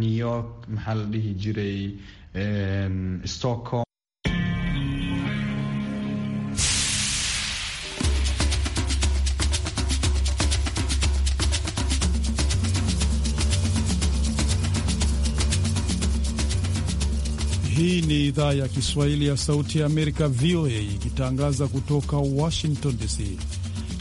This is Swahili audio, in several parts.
New York maxaa la dhihi jiray Stockholm. Hii ni idhaa ya Kiswahili ya Sauti ya Amerika, VOA, ikitangaza kutoka Washington DC.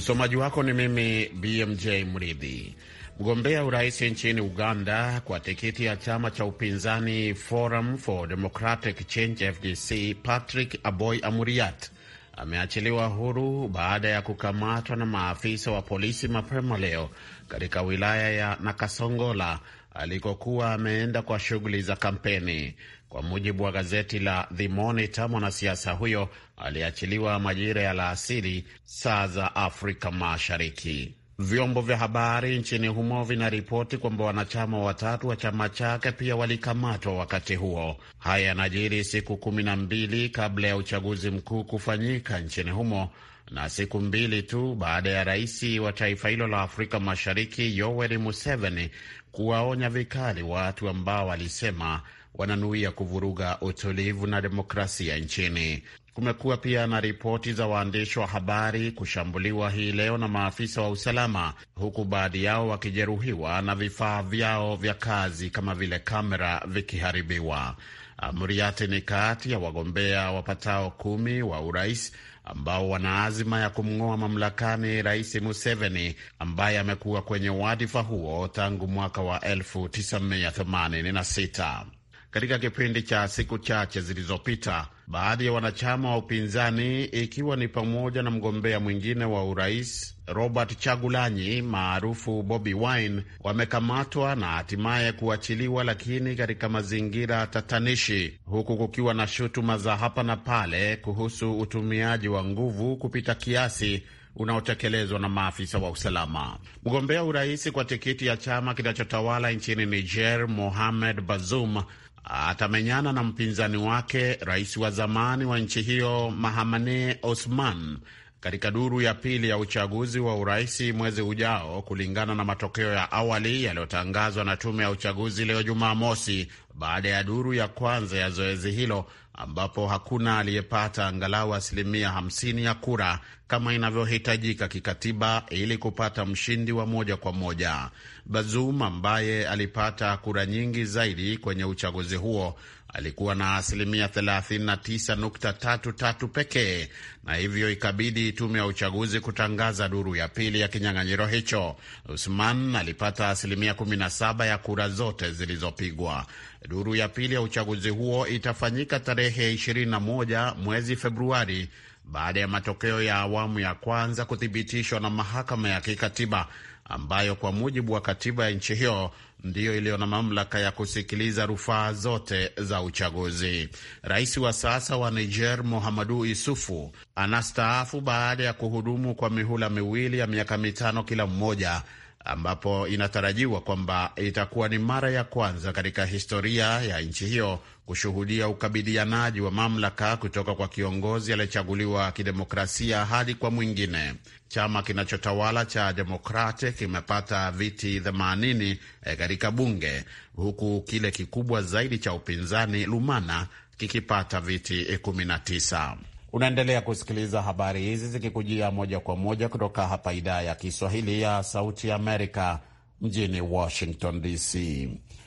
Msomaji wako ni mimi BMJ Mridhi. Mgombea urais nchini Uganda kwa tikiti ya chama cha upinzani Forum for Democratic Change FDC, Patrick Aboy Amuriat ameachiliwa huru baada ya kukamatwa na maafisa wa polisi mapema leo katika wilaya ya Nakasongola alikokuwa ameenda kwa shughuli za kampeni. Kwa mujibu wa gazeti la The Monitor, mwanasiasa huyo aliachiliwa majira ya alasiri saa za Afrika Mashariki. Vyombo vya habari nchini humo vinaripoti kwamba wanachama watatu wa chama chake pia walikamatwa wakati huo. Haya yanajiri siku kumi na mbili kabla ya uchaguzi mkuu kufanyika nchini humo na siku mbili tu baada ya rais wa taifa hilo la Afrika Mashariki Yoweri Museveni kuwaonya vikali watu ambao walisema wananuia kuvuruga utulivu na demokrasia nchini. Kumekuwa pia na ripoti za waandishi wa habari kushambuliwa hii leo na maafisa wa usalama, huku baadhi yao wakijeruhiwa na vifaa vyao vya kazi kama vile kamera vikiharibiwa. Amri ni kati ya wagombea wapatao kumi wa urais ambao wana azima ya kumng'oa mamlakani Rais Museveni ambaye amekuwa kwenye wadhifa huo tangu mwaka wa 1986 katika kipindi cha siku chache zilizopita. Baadhi ya wanachama wa upinzani ikiwa ni pamoja na mgombea mwingine wa urais Robert Chagulanyi maarufu Bobi Wine wamekamatwa na hatimaye kuachiliwa, lakini katika mazingira tatanishi, huku kukiwa na shutuma za hapa na pale kuhusu utumiaji wa nguvu kupita kiasi unaotekelezwa na maafisa wa usalama. Mgombea urais kwa tikiti ya chama kinachotawala nchini Niger, Mohamed Bazoum atamenyana na mpinzani wake rais wa zamani wa nchi hiyo Mahamane Osman katika duru ya pili ya uchaguzi wa urais mwezi ujao, kulingana na matokeo ya awali yaliyotangazwa na tume ya uchaguzi leo Jumamosi, baada ya duru ya kwanza ya zoezi hilo ambapo hakuna aliyepata angalau asilimia 50 ya kura kama inavyohitajika kikatiba ili kupata mshindi wa moja kwa moja. Bazoum ambaye alipata kura nyingi zaidi kwenye uchaguzi huo alikuwa na asilimia 39.33 pekee, na hivyo ikabidi tume ya uchaguzi kutangaza duru ya pili ya kinyang'anyiro hicho. Usman alipata asilimia 17 ya kura zote zilizopigwa. Duru ya pili ya uchaguzi huo itafanyika tarehe 21 mwezi Februari baada ya matokeo ya awamu ya kwanza kuthibitishwa na mahakama ya kikatiba ambayo kwa mujibu wa katiba ya nchi hiyo ndiyo iliyo na mamlaka ya kusikiliza rufaa zote za uchaguzi. Rais wa sasa wa Niger, Mohamadu Isufu, anastaafu baada ya kuhudumu kwa mihula miwili ya miaka mitano kila mmoja ambapo inatarajiwa kwamba itakuwa ni mara ya kwanza katika historia ya nchi hiyo kushuhudia ukabidianaji wa mamlaka kutoka kwa kiongozi aliyechaguliwa kidemokrasia hadi kwa mwingine. Chama kinachotawala cha Demokrati kimepata viti 80 eh, katika bunge huku kile kikubwa zaidi cha upinzani Lumana kikipata viti 19. Eh, Unaendelea kusikiliza habari hizi zikikujia moja kwa moja kutoka hapa idhaa ya Kiswahili ya Sauti ya Amerika mjini Washington DC.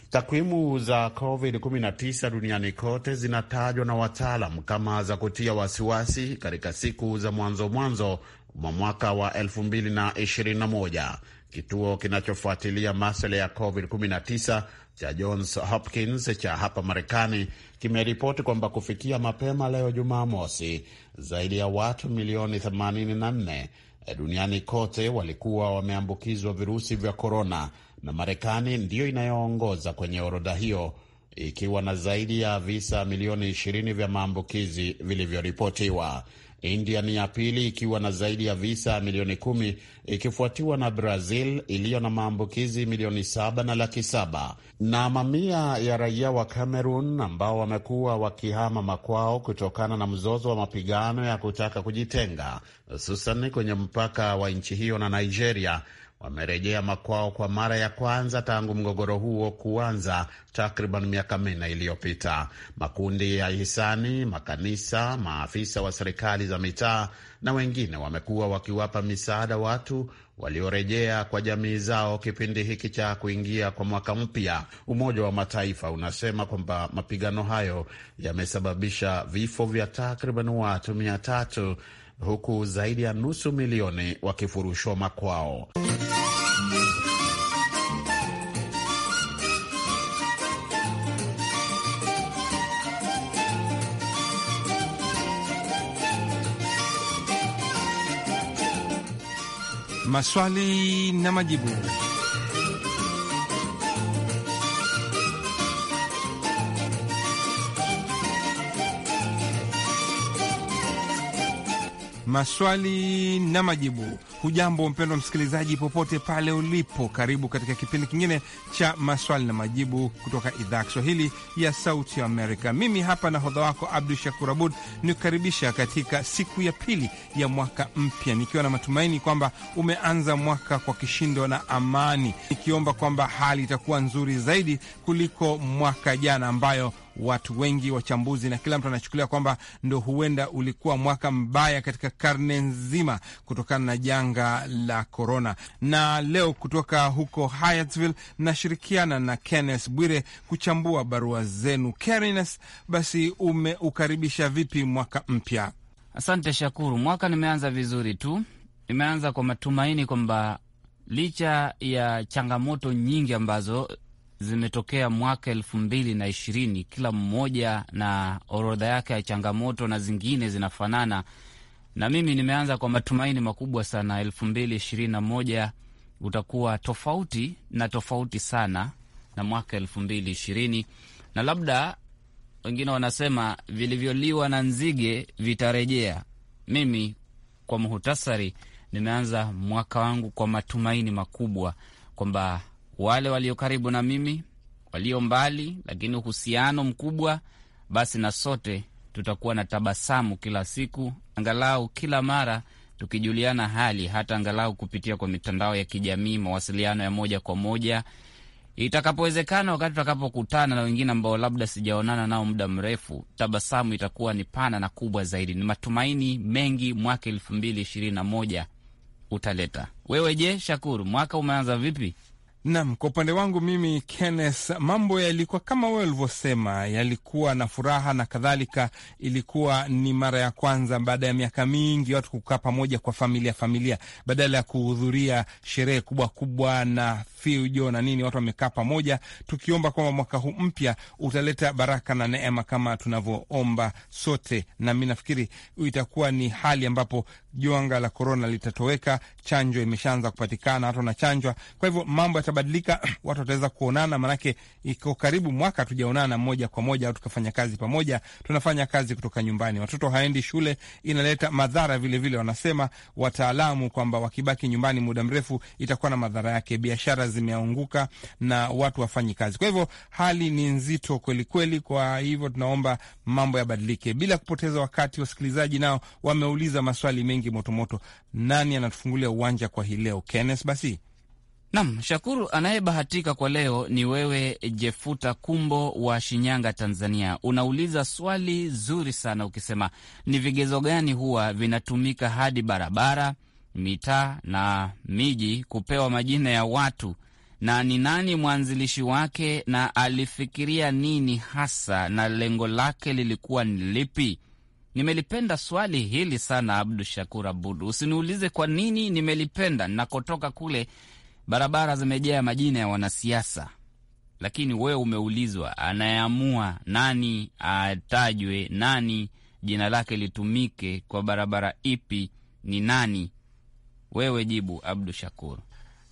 Takwimu za COVID-19 duniani kote zinatajwa na wataalam kama za kutia wasiwasi katika siku za mwanzo mwanzo mwa mwaka wa 2021. Kituo kinachofuatilia masuala ya COVID-19 cha Johns Hopkins cha hapa Marekani kimeripoti kwamba kufikia mapema leo Jumamosi, zaidi ya watu milioni 84 eh, duniani kote walikuwa wameambukizwa virusi vya korona, na Marekani ndiyo inayoongoza kwenye orodha hiyo ikiwa na zaidi ya visa milioni 20 vya maambukizi vilivyoripotiwa. India ni ya pili ikiwa na zaidi ya visa milioni kumi ikifuatiwa na Brazil iliyo na maambukizi milioni saba na laki saba na mamia ya raia wa Cameroon ambao wamekuwa wakihama makwao kutokana na mzozo wa mapigano ya kutaka kujitenga hususan kwenye mpaka wa nchi hiyo na Nigeria wamerejea makwao kwa mara ya kwanza tangu mgogoro huo kuanza takriban miaka minne iliyopita. Makundi ya hisani, makanisa, maafisa wa serikali za mitaa na wengine wamekuwa wakiwapa misaada watu waliorejea kwa jamii zao kipindi hiki cha kuingia kwa mwaka mpya. Umoja wa Mataifa unasema kwamba mapigano hayo yamesababisha vifo vya takriban watu mia tatu huku zaidi ya nusu milioni wakifurushwa makwao. Maswali na majibu. maswali na majibu. Hujambo mpendwa msikilizaji, popote pale ulipo, karibu katika kipindi kingine cha maswali na majibu kutoka idhaa ya Kiswahili ya Sauti ya Amerika. Mimi hapa nahodha wako Abdu Shakur Abud nikukaribisha katika siku ya pili ya mwaka mpya, nikiwa na matumaini kwamba umeanza mwaka kwa kishindo na amani, nikiomba kwamba hali itakuwa nzuri zaidi kuliko mwaka jana ambayo watu wengi, wachambuzi, na kila mtu anachukulia kwamba ndo huenda ulikuwa mwaka mbaya katika karne nzima kutokana na janga la korona. Na leo kutoka huko Hyattsville nashirikiana na Kenneth Bwire kuchambua barua zenu. Kenneth, basi umeukaribisha vipi mwaka mpya? Asante Shakuru, mwaka nimeanza vizuri tu. Nimeanza kwa matumaini kwamba licha ya changamoto nyingi ambazo zimetokea mwaka elfu mbili na ishirini, kila mmoja na orodha yake ya changamoto na zingine zinafanana. Na mimi nimeanza kwa matumaini makubwa sana, elfu mbili ishirini na moja utakuwa tofauti na tofauti sana na mwaka elfu mbili ishirini, na labda wengine wanasema vilivyoliwa na nzige vitarejea. Mimi kwa muhutasari, nimeanza mwaka wangu kwa matumaini makubwa kwamba wale walio karibu na mimi, walio mbali, lakini uhusiano mkubwa, basi na sote tutakuwa na tabasamu kila siku, angalau kila mara tukijuliana hali, hata angalau kupitia kwa mitandao ya kijamii, mawasiliano ya moja kwa moja itakapowezekana, wakati tutakapokutana na wengine ambao labda sijaonana nao muda mrefu, tabasamu itakuwa ni pana na kubwa zaidi. Ni matumaini mengi mwaka elfu mbili ishirini na moja utaleta. Wewe je, Shakuru, mwaka umeanza vipi? Nam, kwa upande wangu mimi Kenneth, mambo yalikuwa kama wewe ulivyosema, yalikuwa na furaha na kadhalika. Ilikuwa ni mara ya kwanza baada ya miaka mingi watu kukaa pamoja kwa familia familia, badala ya kuhudhuria sherehe kubwa kubwa na fijo na nini, watu wamekaa pamoja, tukiomba kwamba mwaka huu mpya utaleta baraka na neema kama tunavyoomba sote, na mi nafikiri itakuwa ni hali ambapo janga la korona litatoweka, chanjo imeshaanza kupatikana, watu wanachanjwa. Kwa hivyo mambo yatabadilika, watu wataweza kuonana, maanake iko karibu mwaka hatujaonana moja kwa moja au tukafanya kazi pamoja. Tunafanya kazi kutoka nyumbani, watoto haendi shule, inaleta madhara vilevile vile. Wanasema wataalamu kwamba wakibaki nyumbani muda mrefu itakuwa na madhara yake, biashara zimeanguka na watu wafanyi kazi. Kwa hivyo hali ni nzito kwelikweli. Kwa hivyo tunaomba mambo yabadilike bila kupoteza wakati. Wasikilizaji nao wameuliza maswali mengi mengi motomoto Nani anatufungulia uwanja kwa hii leo, Kennes? Basi nam Shakuru, anayebahatika kwa leo ni wewe Jefuta Kumbo wa Shinyanga, Tanzania. Unauliza swali zuri sana ukisema, ni vigezo gani huwa vinatumika hadi barabara, mitaa na miji kupewa majina ya watu na ni nani mwanzilishi wake na alifikiria nini hasa na lengo lake lilikuwa ni lipi? Nimelipenda swali hili sana, Abdu Shakur Abudu. Usiniulize kwa nini nimelipenda, nakotoka kule barabara zimejaa majina ya wanasiasa, lakini wewe umeulizwa, anayeamua nani atajwe, nani jina lake litumike kwa barabara ipi ni nani? Wewe jibu, Abdu Shakur.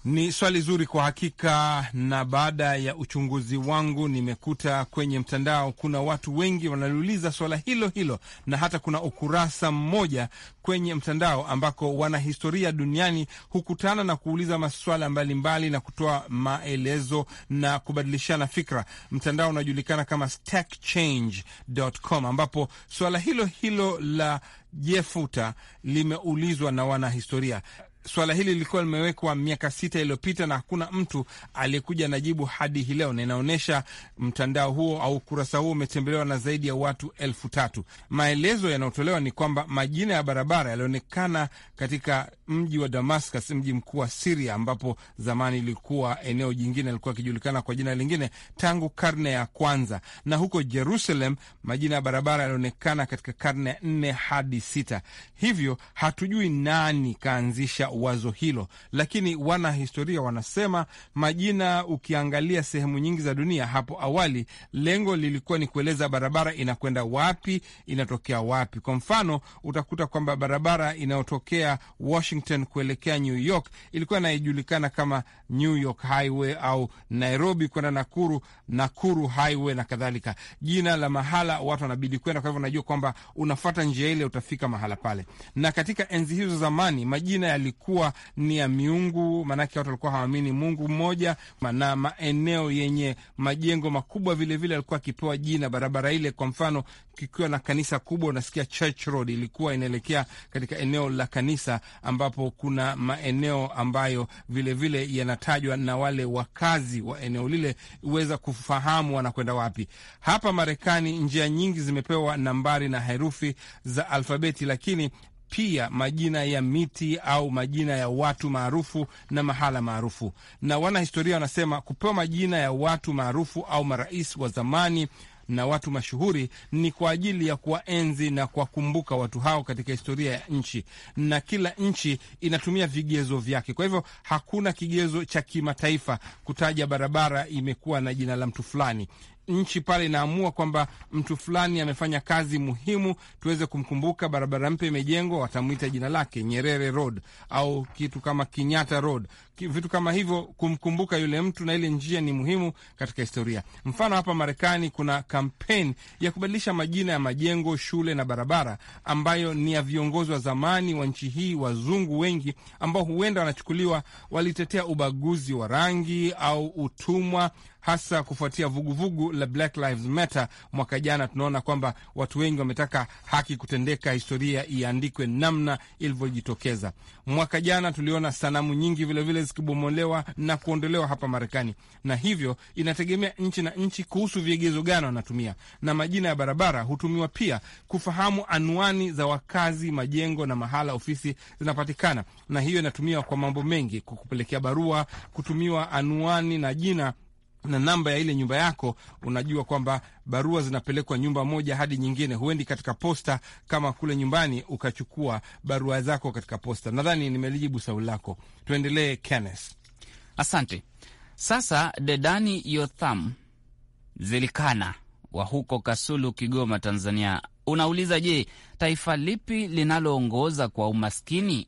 Ni swali zuri kwa hakika, na baada ya uchunguzi wangu nimekuta kwenye mtandao kuna watu wengi wanaliuliza swala hilo hilo, na hata kuna ukurasa mmoja kwenye mtandao ambako wanahistoria duniani hukutana na kuuliza maswala mbalimbali na kutoa maelezo na kubadilishana fikra. Mtandao unajulikana kama stackchange.com ambapo swala hilo hilo la jefuta limeulizwa na wanahistoria swala hili lilikuwa limewekwa miaka sita iliyopita na hakuna mtu aliyekuja na jibu hadi hii leo, na inaonyesha mtandao huo au ukurasa huo umetembelewa na zaidi ya watu elfu tatu. Maelezo yanayotolewa ni kwamba majina ya barabara yalionekana katika mji wa Damascus, mji mkuu wa Siria, ambapo zamani ilikuwa eneo jingine, ilikuwa ikijulikana kwa jina lingine tangu karne ya kwanza, na huko Jerusalem majina ya barabara yalionekana katika karne ya nne hadi sita. Hivyo hatujui nani kaanzisha wazo hilo, lakini wanahistoria wanasema majina, ukiangalia sehemu nyingi za dunia, hapo awali lengo lilikuwa ni kueleza barabara inakwenda wapi, inatokea wapi. Kwa mfano, utakuta kwamba barabara inayotokea Washington kuelekea New York ilikuwa inajulikana kama New York Highway au Nairobi kwenda Nakuru, Nakuru Highway na kadhalika. Jina la mahala watu wanabidi kwenda, kwa hivyo unajua kwamba unafata njia ile utafika mahala pale. Na katika enzi hizo zamani majina yalikuwa ilikuwa ni ya miungu, maanake watu walikuwa hawaamini Mungu mmoja, na maeneo yenye majengo makubwa vilevile alikuwa vile akipewa jina barabara ile. Kwa mfano, kikiwa na kanisa kubwa, unasikia Church Road ilikuwa inaelekea katika eneo la kanisa, ambapo kuna maeneo ambayo vilevile yanatajwa na wale wakazi wa eneo lile huweza kufahamu wanakwenda wapi. Hapa Marekani njia nyingi zimepewa nambari na herufi za alfabeti, lakini pia majina ya miti au majina ya watu maarufu na mahala maarufu. Na wanahistoria wanasema kupewa majina ya watu maarufu au marais wa zamani na watu mashuhuri ni kwa ajili ya kuwaenzi na kuwakumbuka watu hao katika historia ya nchi, na kila nchi inatumia vigezo vyake. Kwa hivyo hakuna kigezo cha kimataifa kutaja barabara imekuwa na jina la mtu fulani nchi pale inaamua kwamba mtu fulani amefanya kazi muhimu, tuweze kumkumbuka. Barabara mpya imejengwa, watamwita jina lake Nyerere Road au kitu kama Kenyatta Road, vitu kama hivyo, kumkumbuka yule mtu, na ile njia ni muhimu katika historia. Mfano hapa Marekani kuna kampeni ya kubadilisha majina ya majengo, shule na barabara ambayo ni ya viongozi wa zamani wa nchi hii, wazungu wengi ambao huenda wanachukuliwa walitetea ubaguzi wa rangi au utumwa hasa kufuatia vuguvugu vugu la Black Lives Matter mwaka jana. Tunaona kwamba watu wengi wametaka haki kutendeka, historia iandikwe namna ilivyojitokeza mwaka jana. Tuliona sanamu nyingi vilevile zikibomolewa na kuondolewa hapa Marekani, na hivyo inategemea nchi na nchi kuhusu vigezo gani wanatumia, na majina ya barabara hutumiwa pia kufahamu anwani za wakazi, majengo na mahala ofisi zinapatikana, na hiyo inatumiwa kwa mambo mengi, kwa kupelekea barua, kutumiwa anwani na jina na namba ya ile nyumba yako, unajua kwamba barua zinapelekwa nyumba moja hadi nyingine. Huendi katika posta kama kule nyumbani ukachukua barua zako katika posta. Nadhani nimelijibu swali lako, tuendelee Kenneth. Asante. Sasa Dedani Yotham Zilikana wa huko Kasulu, Kigoma, Tanzania, unauliza je, taifa lipi linaloongoza kwa umaskini?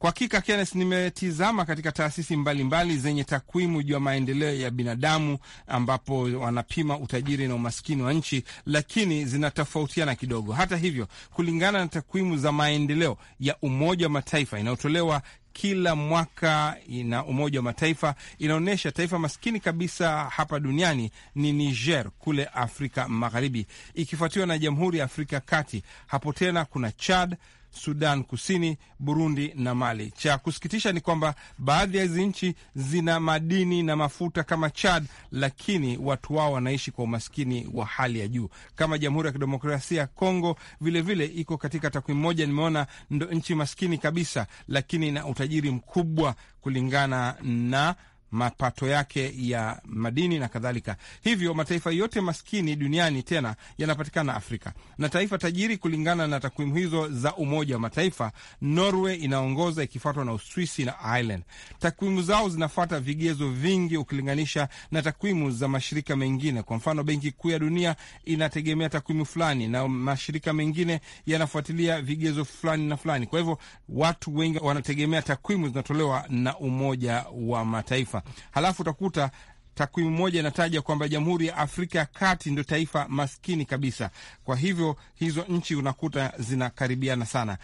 Kwa hakika Kenneth, nimetizama katika taasisi mbalimbali mbali zenye takwimu juu ya maendeleo ya binadamu ambapo wanapima utajiri na umaskini wa nchi, lakini zinatofautiana kidogo. Hata hivyo, kulingana na takwimu za maendeleo ya Umoja wa Mataifa inayotolewa kila mwaka na Umoja wa Mataifa inaonyesha taifa maskini kabisa hapa duniani ni Niger kule Afrika Magharibi, ikifuatiwa na Jamhuri ya Afrika ya Kati. Hapo tena kuna Chad, Sudan Kusini, Burundi na Mali. Cha kusikitisha ni kwamba baadhi ya hizi nchi zina madini na mafuta kama Chad, lakini watu wao wanaishi kwa umaskini wa hali ya juu, kama Jamhuri ya Kidemokrasia ya Kongo vilevile vile, iko katika takwimu moja nimeona ndo nchi maskini kabisa, lakini ina utajiri mkubwa kulingana na mapato yake ya madini na kadhalika. Hivyo mataifa yote maskini duniani tena yanapatikana Afrika, na taifa tajiri kulingana na takwimu hizo za Umoja wa Mataifa, Norway inaongoza ikifuatwa na Uswisi na Ireland. Takwimu zao zinafuata vigezo vingi ukilinganisha na takwimu za mashirika mengine. Kwa mfano, Benki Kuu ya Dunia inategemea takwimu fulani na mashirika mengine yanafuatilia vigezo fulani na fulani. Kwa hivyo watu wengi wanategemea takwimu zinatolewa na Umoja wa Mataifa. Halafu utakuta takwimu moja inataja kwamba Jamhuri ya Afrika ya Kati ndio taifa maskini kabisa. Kwa hivyo hizo nchi unakuta zinakaribiana sana.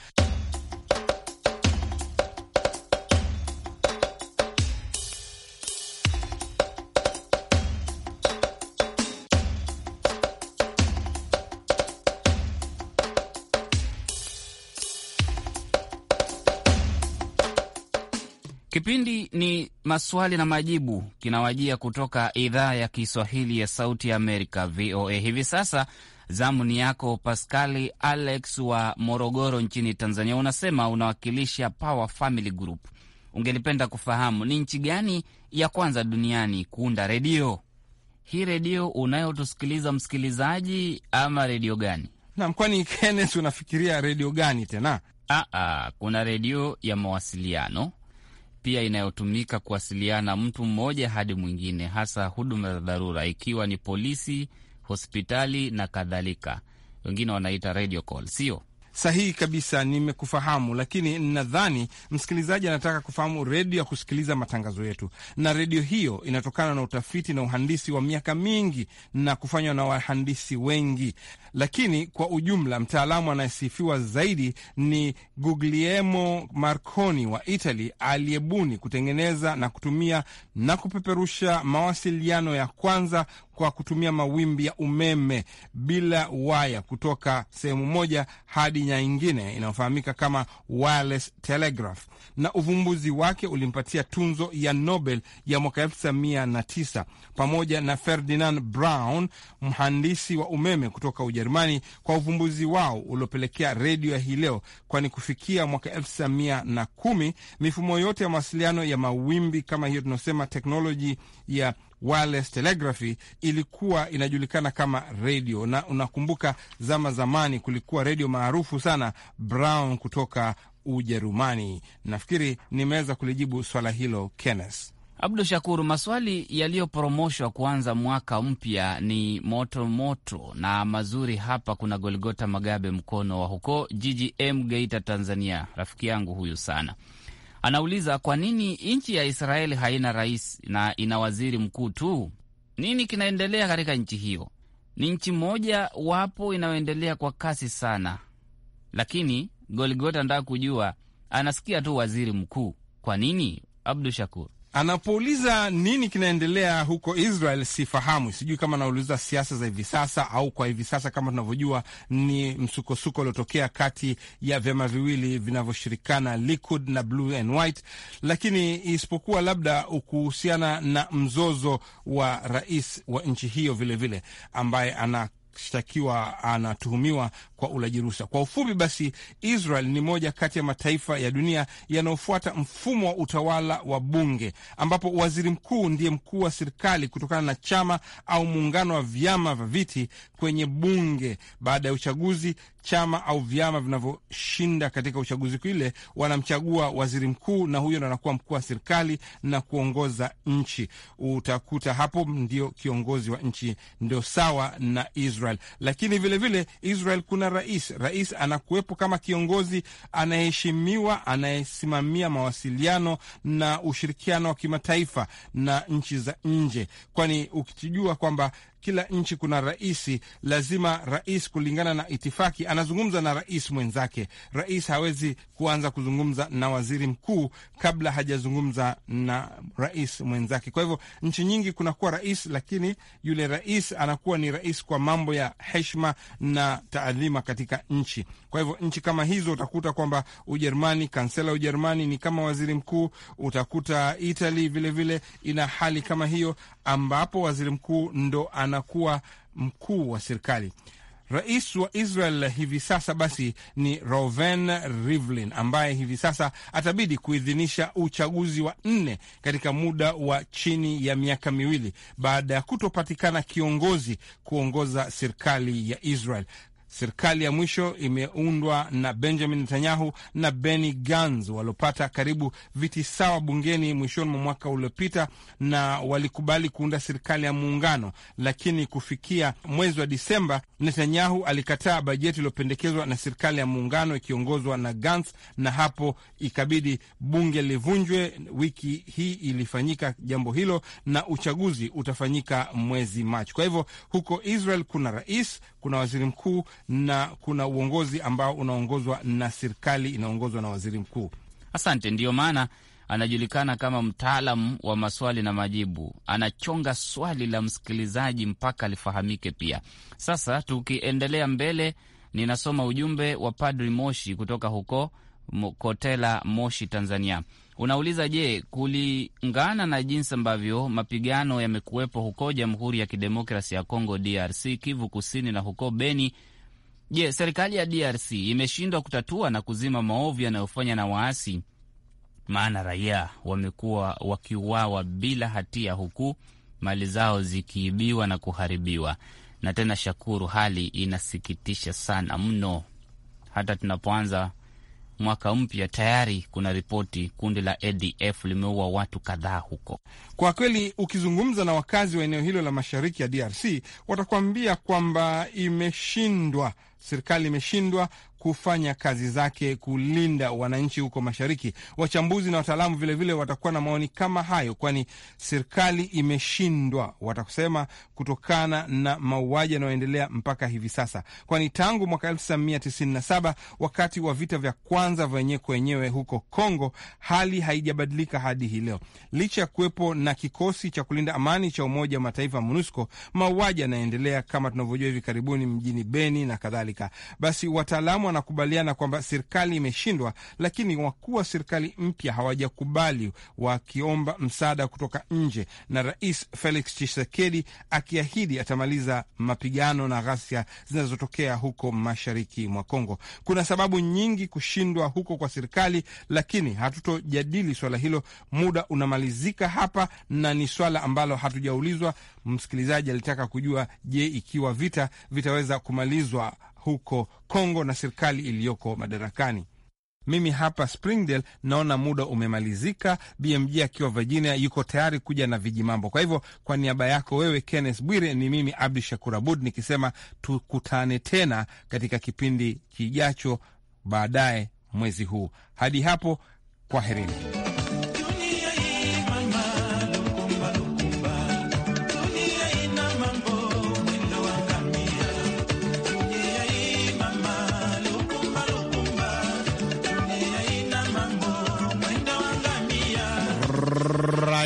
Kipindi ni maswali na majibu kinawajia kutoka idhaa ya Kiswahili ya Sauti ya Amerika, VOA. Hivi sasa zamu ni yako Paskali Alex wa Morogoro nchini Tanzania. Unasema unawakilisha Power Family Group, ungelipenda kufahamu ni nchi gani ya kwanza duniani kuunda redio? Hii redio unayotusikiliza msikilizaji, ama redio gani? Nam, kwani Kenneth, unafikiria redio gani tena? Aa, ah, ah, kuna redio ya mawasiliano pia inayotumika kuwasiliana mtu mmoja hadi mwingine, hasa huduma za dharura, ikiwa ni polisi, hospitali na kadhalika. Wengine wanaita radio call, sio sahihi kabisa. Nimekufahamu, lakini nadhani msikilizaji anataka kufahamu redio ya kusikiliza matangazo yetu, na redio hiyo inatokana na utafiti na uhandisi wa miaka mingi na kufanywa na wahandisi wengi lakini kwa ujumla mtaalamu anayesifiwa zaidi ni Guglielmo Marconi wa Italy, aliyebuni kutengeneza na kutumia na kupeperusha mawasiliano ya kwanza kwa kutumia mawimbi ya umeme bila waya kutoka sehemu moja hadi nyingine inayofahamika kama wireless telegraph, na uvumbuzi wake ulimpatia tunzo ya Nobel ya mwaka 1909 pamoja na Ferdinand Brown, mhandisi wa umeme kutoka Ujerumani. Ujerumani kwa uvumbuzi wao uliopelekea redio ya hii leo, kwani kufikia mwaka elfu mia na kumi mifumo yote ya mawasiliano ya mawimbi kama hiyo tunaosema teknoloji ya wireless telegraphy ilikuwa inajulikana kama redio. Na unakumbuka zama zamani kulikuwa redio maarufu sana Brown kutoka Ujerumani. Nafikiri nimeweza kulijibu swala hilo Kenneth. Abdu Shakuru, maswali yaliyopromoshwa kuanza mwaka mpya ni moto moto na mazuri. Hapa kuna Golgota Magabe mkono wa huko GGM Geita, Tanzania. Rafiki yangu huyu sana anauliza kwa nini nchi ya Israeli haina rais na ina waziri mkuu tu? Nini kinaendelea katika nchi hiyo? Ni nchi moja wapo inayoendelea kwa kasi sana, lakini Goligota anataka kujua, anasikia tu waziri mkuu. Kwa nini? Abdu Shakur. Anapouliza nini kinaendelea huko Israel, sifahamu, sijui kama anauliza siasa za hivi sasa au kwa hivi sasa. Kama tunavyojua ni msukosuko uliotokea kati ya vyama viwili vinavyoshirikana Likud na Blue and White, lakini isipokuwa labda kuhusiana na mzozo wa rais wa nchi hiyo vilevile vile, ambaye ana shtakiwa anatuhumiwa kwa ulaji rushwa. Kwa ufupi basi, Israel ni moja kati ya mataifa ya dunia yanayofuata mfumo wa utawala wa bunge, ambapo waziri mkuu ndiye mkuu wa serikali kutokana na chama au muungano wa vyama vya viti kwenye bunge. Baada ya uchaguzi, chama au vyama vinavyoshinda katika uchaguzi kile wanamchagua waziri mkuu, na huyo ndo anakuwa mkuu wa serikali na kuongoza nchi. Utakuta hapo ndio kiongozi wa nchi, ndio sawa na Israel. Lakini vilevile vile, Israel kuna na rais. Rais anakuwepo kama kiongozi anayeheshimiwa, anayesimamia mawasiliano na ushirikiano wa kimataifa na nchi za nje, kwani ukijua kwamba kila nchi kuna raisi, lazima rais kulingana na itifaki anazungumza na rais mwenzake. Rais hawezi kuanza kuzungumza na waziri mkuu kabla hajazungumza na rais mwenzake. Kwa hivyo nchi nyingi kunakuwa rais, lakini yule rais anakuwa ni rais kwa mambo ya heshima na taadhima katika nchi. Kwa hivyo nchi kama hizo utakuta kwamba Ujerumani, kansela Ujerumani ni kama waziri mkuu. Utakuta Itali vilevile vile ina hali kama hiyo, ambapo waziri mkuu ndo ana anakuwa mkuu wa serikali. Rais wa Israel hivi sasa basi ni Reuven Rivlin ambaye hivi sasa atabidi kuidhinisha uchaguzi wa nne katika muda wa chini ya miaka miwili baada ya kutopatikana kiongozi kuongoza serikali ya Israel. Serikali ya mwisho imeundwa na Benjamin Netanyahu na Benny Gantz waliopata karibu viti sawa bungeni mwishoni mwa mwaka uliopita, na walikubali kuunda serikali ya muungano, lakini kufikia mwezi wa Disemba, Netanyahu alikataa bajeti iliyopendekezwa na serikali ya muungano ikiongozwa na Gantz, na hapo ikabidi bunge livunjwe. Wiki hii ilifanyika jambo hilo, na uchaguzi utafanyika mwezi Machi. Kwa hivyo huko Israel kuna rais, kuna waziri mkuu na kuna uongozi ambao unaongozwa na serikali inaongozwa na waziri mkuu. Asante, ndiyo maana anajulikana kama mtaalam wa maswali na majibu. Anachonga swali la msikilizaji mpaka alifahamike. Pia sasa, tukiendelea mbele, ninasoma ujumbe wa Padri Moshi kutoka huko Kotela, Moshi, Tanzania. Unauliza, je, kulingana na jinsi ambavyo mapigano yamekuwepo huko Jamhuri ya Kidemokrasi ya Kongo, DRC, Kivu Kusini na huko Beni Je, yes, serikali ya DRC imeshindwa kutatua na kuzima maovu yanayofanya na waasi? Maana raia wamekuwa wakiuawa bila hatia, huku mali zao zikiibiwa na kuharibiwa. Na tena, Shakuru, hali inasikitisha sana mno. Hata tunapoanza mwaka mpya tayari kuna ripoti kundi la ADF limeua watu kadhaa huko. Kwa kweli, ukizungumza na wakazi wa eneo hilo la mashariki ya DRC watakuambia kwamba imeshindwa serikali imeshindwa kufanya kazi zake kulinda wananchi huko mashariki. Wachambuzi na wataalamu vilevile watakuwa na maoni kama hayo, kwani serikali imeshindwa, watasema kutokana na mauaji yanayoendelea mpaka hivi sasa, kwani tangu mwaka 1997 wakati wa vita vya kwanza vyenyewe kwa wenyewe huko Kongo, hali haijabadilika hadi hii leo, licha ya kuwepo na kikosi cha kulinda amani cha Umoja wa Mataifa MONUSCO, mauaji yanaendelea kama tunavyojua hivi karibuni mjini Beni na kadhalika kadhalika. basi wataalamu wanakubaliana kwamba serikali imeshindwa, lakini wakuu wa serikali mpya hawajakubali, wakiomba msaada kutoka nje, na Rais Felix Tshisekedi akiahidi atamaliza mapigano na ghasia zinazotokea huko mashariki mwa Kongo. Kuna sababu nyingi kushindwa huko kwa serikali, lakini hatutojadili swala hilo. Muda unamalizika hapa, na ni swala ambalo hatujaulizwa. Msikilizaji alitaka kujua, je, ikiwa vita vitaweza kumalizwa huko Kongo na serikali iliyoko madarakani. Mimi hapa Springdale naona muda umemalizika. bmg akiwa Virginia yuko tayari kuja na vijimambo. Kwa hivyo kwa niaba yako wewe Kenneth Bwire, ni mimi Abdu Shakur Abud nikisema tukutane tena katika kipindi kijacho baadaye mwezi huu. Hadi hapo, kwaherini.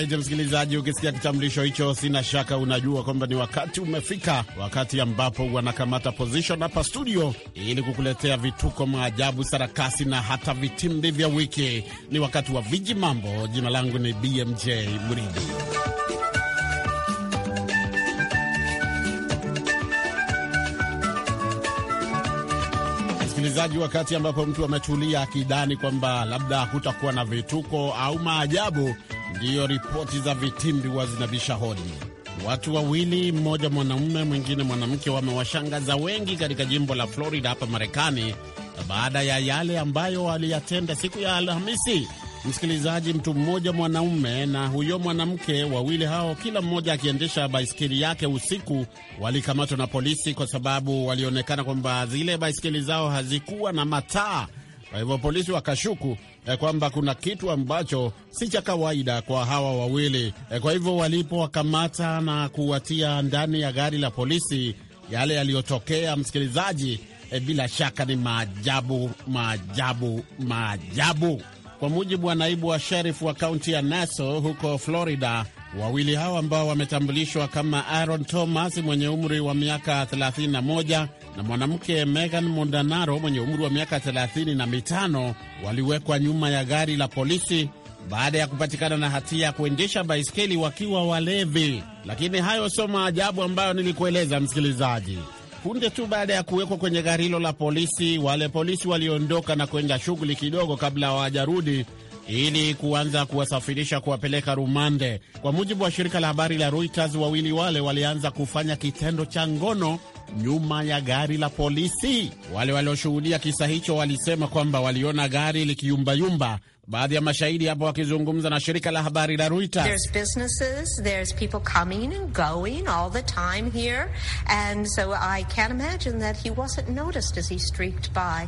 BMJ. Msikilizaji, ukisikia kitambulisho hicho, sina shaka unajua kwamba ni wakati umefika, wakati ambapo wanakamata position hapa studio ili kukuletea vituko, maajabu, sarakasi na hata vitimbi vya wiki. Ni wakati wa viji mambo. Jina langu ni BMJ mridi Msikilizaji, wakati ambapo mtu ametulia akidhani kwamba labda hakutakuwa na vituko au maajabu ndiyo ripoti za vitimbi wa zinabisha hodi. Watu wawili, mmoja mwanaume mwingine mwanamke, wamewashangaza wengi katika jimbo la Florida hapa Marekani baada ya yale ambayo waliyatenda siku ya Alhamisi. Msikilizaji, mtu mmoja mwanaume na huyo mwanamke, wawili hao, kila mmoja akiendesha baiskeli yake usiku, walikamatwa na polisi kwa sababu walionekana kwamba zile baiskeli zao hazikuwa na mataa. Kwa hivyo polisi wakashuku eh, kwamba kuna kitu ambacho si cha kawaida kwa hawa wawili eh. Kwa hivyo walipowakamata na kuwatia ndani ya gari la polisi, yale yaliyotokea msikilizaji, eh, bila shaka ni maajabu, maajabu, maajabu. Kwa mujibu wa naibu wa sherifu wa kaunti ya Nassau huko Florida Wawili hao ambao wametambulishwa kama Aaron Thomas mwenye umri wa miaka 31 na mwanamke Megan Mondanaro mwenye umri wa miaka 35 waliwekwa nyuma ya gari la polisi baada ya kupatikana na hatia ya kuendesha baiskeli wakiwa walevi. Lakini hayo sio maajabu ambayo nilikueleza msikilizaji. Punde tu baada ya kuwekwa kwenye gari hilo la polisi, wale polisi waliondoka na kwenda shughuli kidogo kabla hawajarudi ili kuanza kuwasafirisha kuwapeleka rumande. Kwa mujibu wa shirika la habari la Reuters, wawili wale walianza kufanya kitendo cha ngono nyuma ya gari la polisi. Wale walioshuhudia kisa hicho walisema kwamba waliona gari likiyumbayumba baadhi ya mashahidi hapo wakizungumza na shirika la habari la Reuters.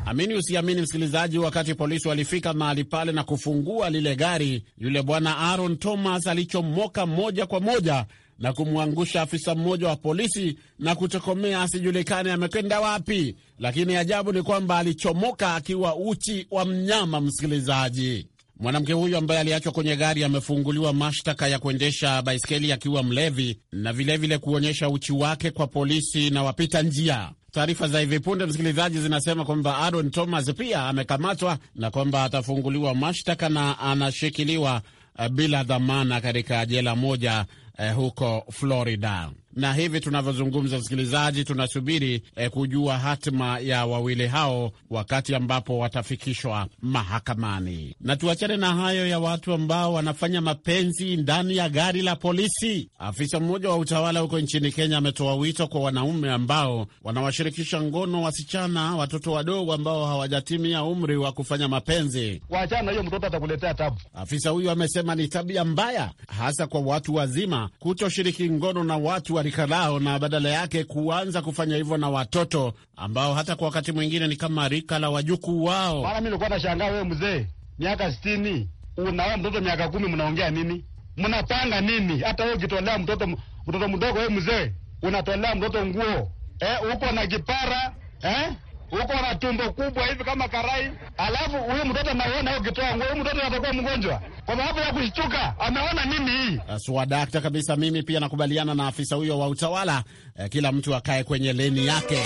Amini usiamini, msikilizaji, wakati polisi walifika mahali pale na kufungua lile gari, yule bwana Aaron Thomas alichomoka moja kwa moja na kumwangusha afisa mmoja wa polisi na kutokomea asijulikane amekwenda wapi. Lakini ajabu ni kwamba alichomoka akiwa uchi wa mnyama, msikilizaji. Mwanamke huyu ambaye aliachwa kwenye gari amefunguliwa mashtaka ya kuendesha baiskeli akiwa mlevi na vilevile vile kuonyesha uchi wake kwa polisi na wapita njia. Taarifa za hivi punde, msikilizaji, zinasema kwamba Aaron Thomas pia amekamatwa na kwamba atafunguliwa mashtaka na anashikiliwa eh, bila dhamana katika jela moja eh, huko Florida na hivi tunavyozungumza, msikilizaji, tunasubiri eh, kujua hatima ya wawili hao wakati ambapo watafikishwa mahakamani. Na tuachane na hayo ya watu ambao wanafanya mapenzi ndani ya gari la polisi. Afisa mmoja wa utawala huko nchini Kenya ametoa wito kwa wanaume ambao wanawashirikisha ngono wasichana, watoto wadogo ambao hawajatimia umri wa kufanya mapenzi. Wachana hiyo, mtoto atakuletea tabu. Afisa huyu amesema ni tabia mbaya, hasa kwa watu wazima kutoshiriki ngono na watu wa rika lao na badala yake kuanza kufanya hivyo na watoto ambao hata kwa wakati mwingine ni kama rika la wajukuu wao. Mara mi nilikuwa nashangaa, wewe mzee miaka sitini unaoa mtoto miaka kumi, mnaongea nini? Mnapanga nini? Hata wewe ukitolea mtoto mtoto mdogo, wewe mzee unatolea mtoto nguo eh, uko na kipara eh? huko na tumbo kubwa hivi kama karai, alafu huyu mtoto anaona ukitoa nguo, huyu mtoto atakuwa mgonjwa kwa sababu ya kushtuka, ameona nini hii? Swadakta kabisa, mimi pia nakubaliana na afisa huyo wa utawala eh, kila mtu akae kwenye leni yake.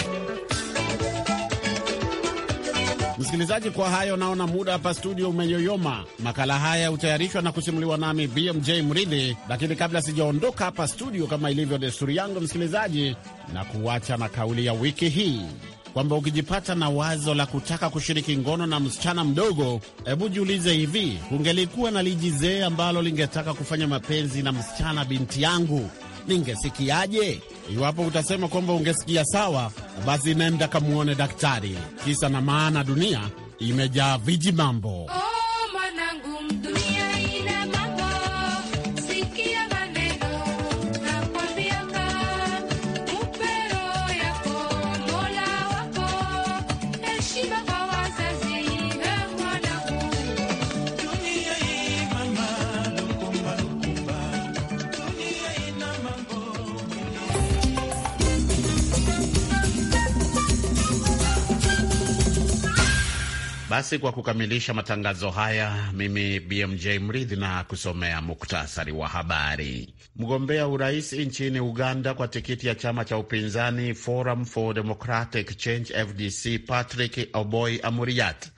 Msikilizaji, kwa hayo naona muda hapa studio umeyoyoma. Makala haya hutayarishwa na kusimuliwa nami BMJ Mridhi, lakini kabla sijaondoka hapa studio, kama ilivyo desturi yangu, msikilizaji, na kuacha na kauli ya wiki hii kwamba ukijipata na wazo la kutaka kushiriki ngono na msichana mdogo, hebu jiulize hivi, kungelikuwa na lijizee ambalo lingetaka kufanya mapenzi na msichana binti yangu, ningesikiaje? Iwapo utasema kwamba ungesikia sawa, basi nenda kamuone daktari. Kisa na maana, dunia imejaa viji mambo. Oh! Basi kwa kukamilisha matangazo haya, mimi BMJ Mridhi na kusomea muktasari wa habari. Mgombea urais nchini Uganda kwa tikiti ya chama cha upinzani Forum for Democratic Change FDC, Patrick oboy Amuriat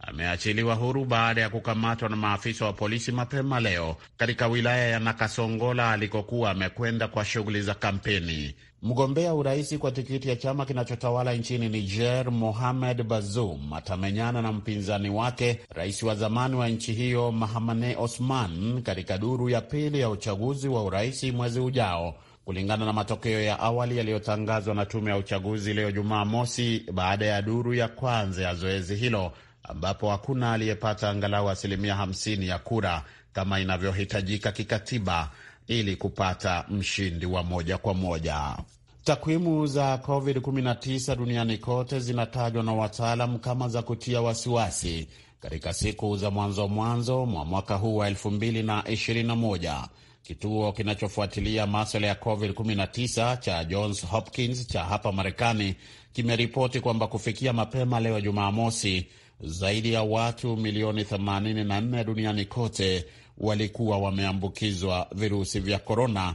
ameachiliwa huru baada ya kukamatwa na maafisa wa polisi mapema leo katika wilaya ya Nakasongola alikokuwa amekwenda kwa shughuli za kampeni. Mgombea urais kwa tikiti ya chama kinachotawala nchini Niger, Mohamed Bazoum atamenyana na mpinzani wake, rais wa zamani wa nchi hiyo Mahamane Osman, katika duru ya pili ya uchaguzi wa urais mwezi ujao, kulingana na matokeo ya awali yaliyotangazwa na tume ya uchaguzi leo jumaa mosi baada ya duru ya kwanza ya zoezi hilo ambapo hakuna aliyepata angalau asilimia 50 ya kura kama inavyohitajika kikatiba ili kupata mshindi wa moja kwa moja. Takwimu za COVID-19 duniani kote zinatajwa na wataalam kama za kutia wasiwasi katika siku za mwanzo mwanzo mwa mwaka huu wa 2021. Kituo kinachofuatilia maswala ya COVID-19 cha Johns Hopkins cha hapa Marekani kimeripoti kwamba kufikia mapema leo Jumamosi, zaidi ya watu milioni 84 duniani kote walikuwa wameambukizwa virusi vya korona.